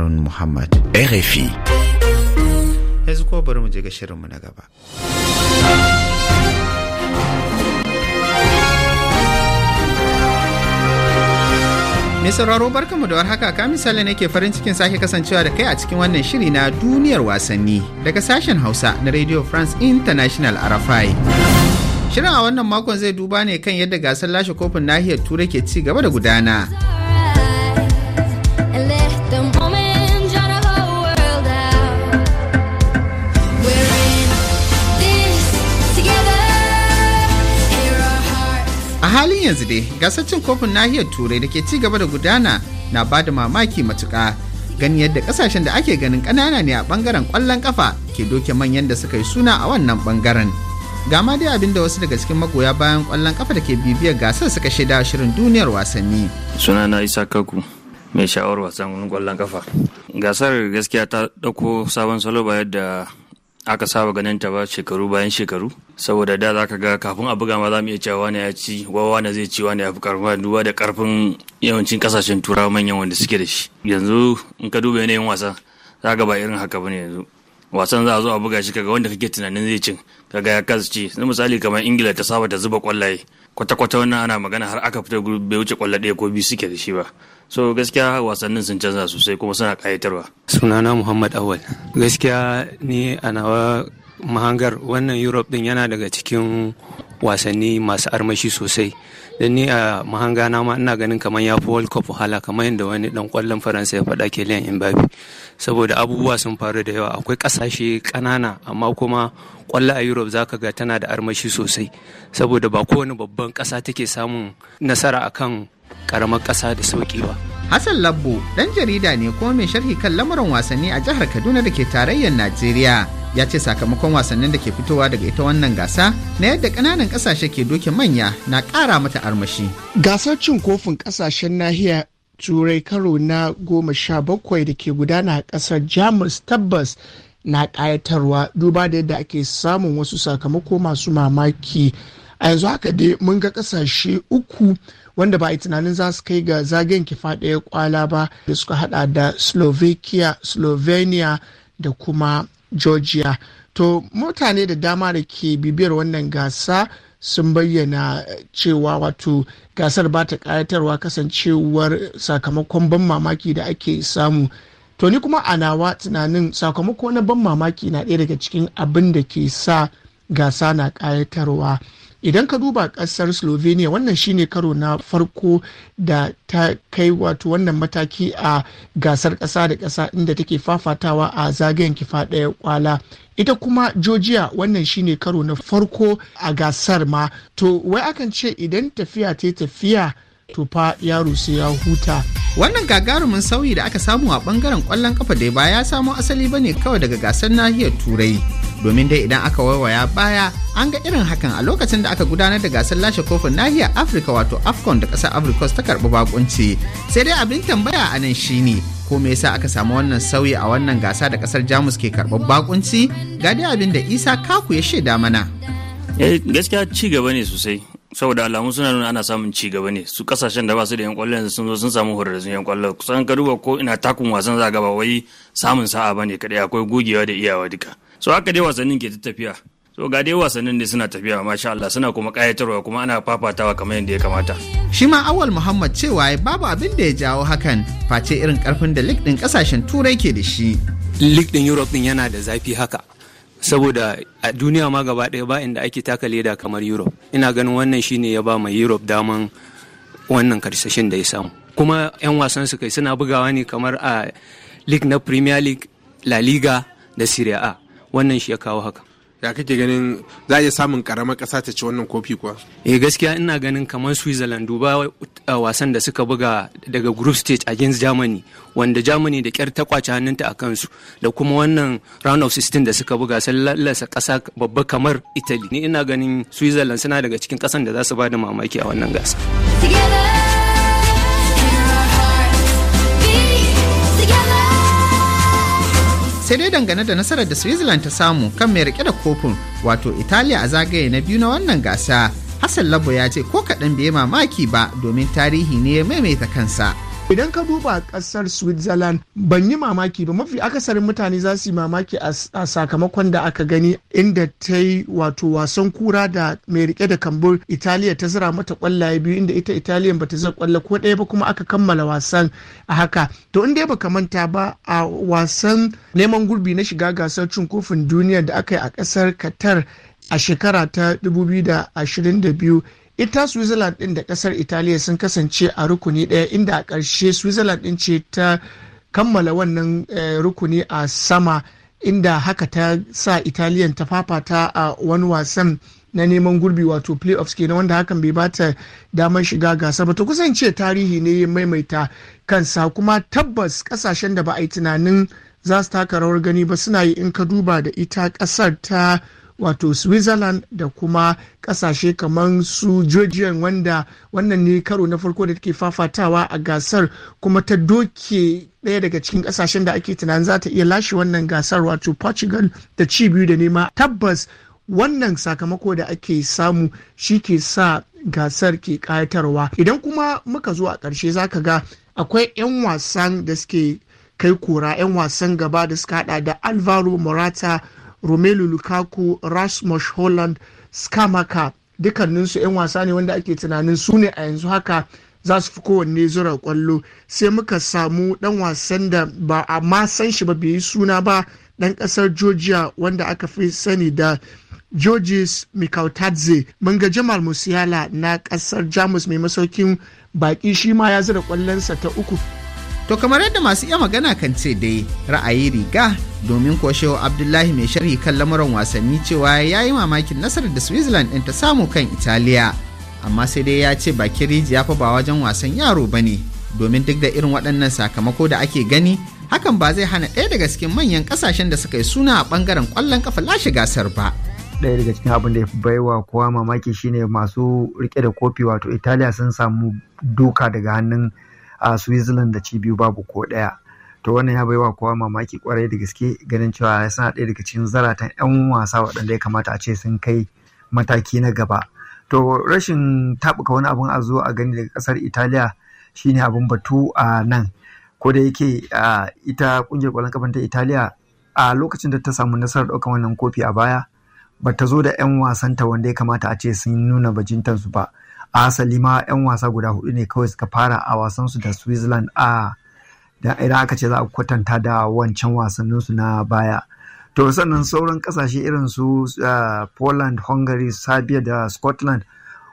Harun Muhammad. RFI. Yanzu kuma bari mu je ga shirinmu na gaba. Mai sauraro mu da warhaka ka misali ke farin cikin sake kasancewa da kai a cikin wannan shiri na duniyar wasanni daga sashen Hausa na Radio France International Arafai. Shirin a wannan makon zai duba ne kan yadda gasar lashe kofin nahiyar Turai ke ci gaba da gudana. a halin yanzu dai gasar cin kofin nahiyar turai da ke ci gaba da gudana na ba da mamaki matuka, gani yadda kasashen da ake ganin ƙanana ne a ɓangaren ƙwallon ƙafa ke doke manyan da suka yi suna a wannan ɓangaren Gama dai abin da wasu daga cikin magoya bayan ƙwallon ƙafa da ke bibiyar gasar suka shaida shirin duniyar wasanni Suna na isa kaku mai sha'awar wasan ƙwallon ƙafa gasar gaskiya ta ɗauko sabon salo ba yadda aka saba ganin ta ba shekaru bayan shekaru saboda da za ka ga kafin a buga ma za mu iya cewa wani ya ci wawa na zai ci wani ya fi karfin duba da karfin yawancin kasashen turawa manyan wanda suke da shi yanzu in ka duba yanayin wasan za ga ba irin haka bane yanzu wasan za a zo a buga shi kaga wanda kake tunanin zai cin kaga ya kasa ci misali kamar ingila ta saba ta zuba kwallaye kwata-kwata wannan ana magana har aka fita bai wuce kwallaye ko biyu suke da shi ba so gaskiya wasannin sun canza sosai kuma suna kayatarwa sunana muhammad awal gaskiya ni a nawa mahangar wannan europe din yana daga cikin wasanni masu armashi sosai don ni a mahanga na ma ina ganin kamar ya fi world wahala kamar yadda wani dan kwallon faransa ya faɗa liyan imbabi saboda abubuwa sun faru da yawa akwai ƙasashe ƙanana amma kuma kwallo a europe zaka ga tana da armashi sosai saboda ba kowane babban ƙasa take samun nasara akan karamar ƙasa da sauƙi ba. Hassan Labbo ɗan jarida ne kuma mai sharhi kan lamuran wasanni a jihar Kaduna da ke tarayyar Najeriya ya ce sakamakon wasannin da ke fitowa daga ita wannan gasa na yadda ƙananan ƙasashe ke doke manya na ƙara mata armashi. Gasar cin kofin ƙasashen nahiya Turai karo na goma sha bakwai da ke gudana a ƙasar Jamus tabbas na ƙayatarwa duba da yadda ake samun wasu sakamako masu mamaki. A yanzu haka dai mun ga ƙasashe uku wanda ba a yi tunanin za su kai ga zagayen kifa ɗaya kwala ba da suka hada da slovakia slovenia da kuma georgia to mutane da dama da ke bibiyar wannan gasa sun bayyana cewa wato gasar ba ta kayatarwa kasancewar sakamakon ban mamaki da ake samu to ni kuma a nawa tunanin sakamako na ban mamaki na ɗaya daga cikin abin da ke sa gasa na ƙayatarwa. idan ka duba kasar slovenia wannan shine karo na farko da ta kai wato wannan mataki a gasar kasa da kasa inda take fafatawa a zagayen kifa daya kwala ita kuma georgia wannan shine karo na farko a gasar ma to wai akan ce idan tafiya ta tafiya to fa yaro sai ya huta wannan gagarumin sauyi da aka samu a bangaren kwallon kafa da ba ya samo asali ba ne kawai daga gasar nahiyar turai domin dai idan aka waiwaya baya an ga irin hakan a lokacin da aka gudanar da gasar lashe kofin nahiyar afirka wato afcon da kasar africos ta karbi bakunci sai dai abin tambaya a nan shine ko me yasa aka samu wannan sauyi a wannan gasa da kasar jamus ke karɓar bakunci ga dai abin da isa kaku ya shaida mana eh, gaskiya ci gaba ne sosai saboda alamu suna nuna ana samun ci gaba ne su kasashen da ba su da yan kwallo sun zo sun samu horarrun yan kwallo kusan ka duba ko ina takun wasan za gaba wai samun sa'a bane kadai akwai gogewa da iyawa duka so haka dai wasannin ke tafiya so ga dai wasannin ne suna tafiya masha Allah suna kuma kayatarwa kuma ana fafatawa kamar yadda ya kamata shi ma awal muhammad cewa babu abin da ya jawo hakan face irin karfin da lig din kasashen turai ke da shi lig din europe din yana da zafi haka saboda a duniya ma gaba ɗaya ba inda ake taka leda kamar europe ina ganin wannan shine ya ba mai europe daman wannan karsashin da ya samu kuma 'yan wasan su kai suna bugawa ne kamar a league na premier league la liga da serie a wannan shi ya kawo haka ya kake ganin za a iya samun karamar ƙasa ta ci wannan kofi kuwa eh gaskiya ina ganin kamar switzerland duba uh, wasan da suka buga daga group stage against germany wanda germany da kyar ta kwace hannunta a kansu da kuma wannan round of 16 da suka buga sun lallasa ƙasa babba kamar italy ni ina ganin switzerland suna daga cikin ƙasan da za su ba da mamaki a wannan gasa sai dai dangane da nasarar da switzerland ta samu kan mai rike da kofin wato italiya a zagaye na biyu na wannan gasa hassan labo ya ce ko kaɗan bai mamaki ba domin tarihi ne ya maimaita kansa idan ka duba kasar switzerland ban yi mamaki ba mafi akasarin mutane za su yi mamaki a sakamakon da aka gani inda ta yi wato wasan kura da mai rike da kambur italiya ta zira mata kwallaye biyu inda ita italiya ba ta zira kwallo ko ɗaya ba kuma aka kammala wasan a haka to inda dai baka manta ba a wasan neman gurbi na shiga gasar cin kofin duniya da aka yi a kasar qatar a shekara ta 2022 ita switzerland din da kasar italiya sun kasance a rukuni ɗaya inda a karshe switzerland din ce ta kammala wannan eh, rukuni a sama inda haka ta sa italiyan ta fafata a wani wasan na neman gurbi wato playoffs na wanda hakan bai bata damar shiga gasar ba ta kusance tarihi ne ya maimaita kansa kuma tabbas kasashen da ba a yi tunanin za su taka rawar gani ba suna yi in ka duba da ita kasar ta wato switzerland da kuma kasashe kamar su georgian wanda wannan ne karo na farko da take fafatawa a gasar kuma ta doke ɗaya daga cikin kasashen da ake tunanin za ta iya lashe wannan gasar wato portugal da cibiyu da nema tabbas wannan sakamako da ake samu shi ke sa gasar ke kayatarwa idan kuma muka zo a ƙarshe za ka ga akwai 'yan wasan da suke kai kora 'yan wasan gaba da suka hada da alvaro morata romelu lukaku rasmus holland skamaka dukkaninsu 'yan wasa ne wanda ake tunanin su ne a yanzu haka za su fi kowanne zura kwallo sai muka samu dan wasan da ba a ma san shi ba bai yi suna ba dan kasar georgia wanda aka fi sani da georges mikautadze mun ga jamal musiala na kasar jamus mai masaukin baki shi ma ya zura kwallonsa ta uku To kamar yadda masu iya magana kan ce dai ra'ayi riga domin koshewa Abdullahi mai sharhi kan lamuran wasanni cewa ya yi mamakin nasarar da Switzerland ɗin ta samu kan Italiya. Amma sai dai ya ce bakin rijiya fa ba wajen wasan yaro ba ne domin duk da irin waɗannan sakamako da ake gani hakan ba zai hana ɗaya daga cikin manyan ƙasashen da suka yi suna a ɓangaren ƙwallon kafa lashe gasar ba. ɗaya daga cikin abin da ya fi baiwa kowa mamaki shine masu rike da kofi wato italiya sun samu duka daga hannun a switzerland da cibiyu babu ko daya to wannan ya baiwa kowa mamaki kwarai da gaske ganin cewa suna ɗaya daga cikin zaratan 'yan wasa waɗanda ya kamata a ce sun kai mataki na gaba to rashin taɓuka wani abun a zo a gani daga ƙasar italiya shine abin batu a nan ko da yake ita ƙungiyar ƙwallon kafin ta italiya a lokacin da ta samu nasarar ɗaukar wannan kofi a baya bata zo da 'yan wasanta wanda ya kamata a ce sun nuna bajintansu ba asali ma 'yan wasa guda hudu ne kawai suka fara a wasansu da switzerland a da idan aka ce za a kwatanta da wancan wasanninsu na baya to sannan sauran kasashe irin su eh, poland hungary serbia da scotland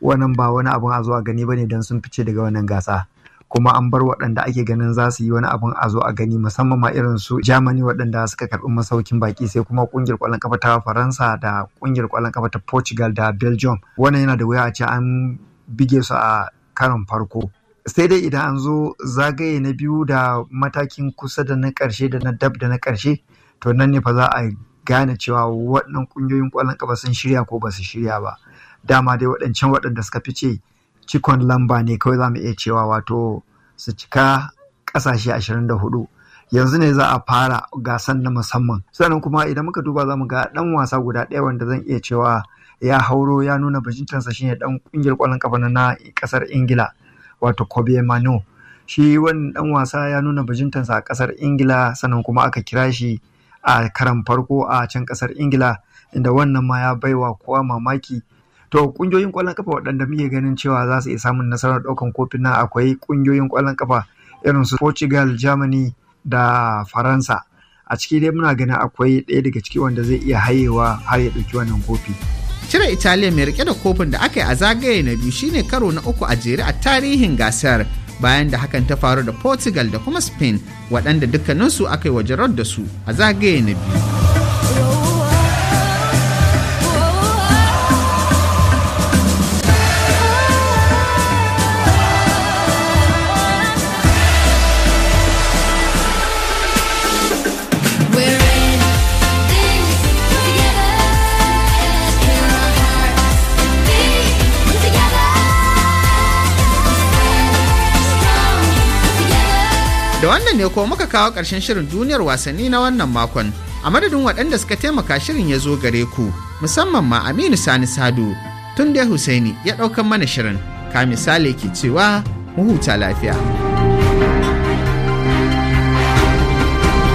wannan ba wani abin a gani gani bane don sun fice daga wannan gasa kuma an bar waɗanda ake ganin za su yi wani abin a zo a gani musamman ma irin su Germany waɗanda suka karɓi masaukin baki sai kuma ƙungiyar ƙwallon kafa ta Faransa da ƙungiyar ƙwallon kafa ta Portugal da Belgium wannan yana da wuya a ce an bige su a karon farko sai dai idan an zo zagaye na biyu da matakin kusa da na ƙarshe da na dab da na ƙarshe to nan ne fa za a gane cewa waɗannan ƙungiyoyin ƙwallon ƙafa sun shirya ko ba su shirya ba dama dai waɗancan waɗanda suka fi ce cikon lamba ne kawai za mu iya cewa wato su cika ƙasashe ashirin da hudu. yanzu ne za a fara gasan na musamman sannan kuma idan muka duba za mu ga ɗan wasa guda ɗaya wanda zan iya cewa ya hauro ya nuna bajintansa shine dan kungiyar kwallon kafa na kasar ingila wato kobe mano shi wani dan wasa ya nuna bajintansa a kasar ingila sannan kuma aka kira shi a karan farko a can kasar ingila inda wannan ma ya baiwa kowa mamaki to kungiyoyin kwallon kafa waɗanda muke ganin cewa za su iya samun nasarar ɗaukan kofin na akwai kungiyoyin kwallon kafa irin su portugal germany da faransa a ciki dai muna ganin akwai ɗaya daga ciki wanda zai iya hayewa har ya ɗauki wannan kofi. cire italiya mai rike da kofin da aka yi a zagaye na biyu shine karo na uku a jere a tarihin gasar bayan da hakan ta faru da portugal da kuma spain waɗanda dukkaninsu aka yi wa da su a zagaye na biyu Da wannan ne ko muka kawo ƙarshen shirin duniyar wasanni na wannan makon. A madadin waɗanda suka taimaka shirin ya zo gare ku, musamman ma Aminu Sani Sadu, tun da Husaini ya ɗaukan mana shirin. Ka misali ke cewa, mu huta lafiya.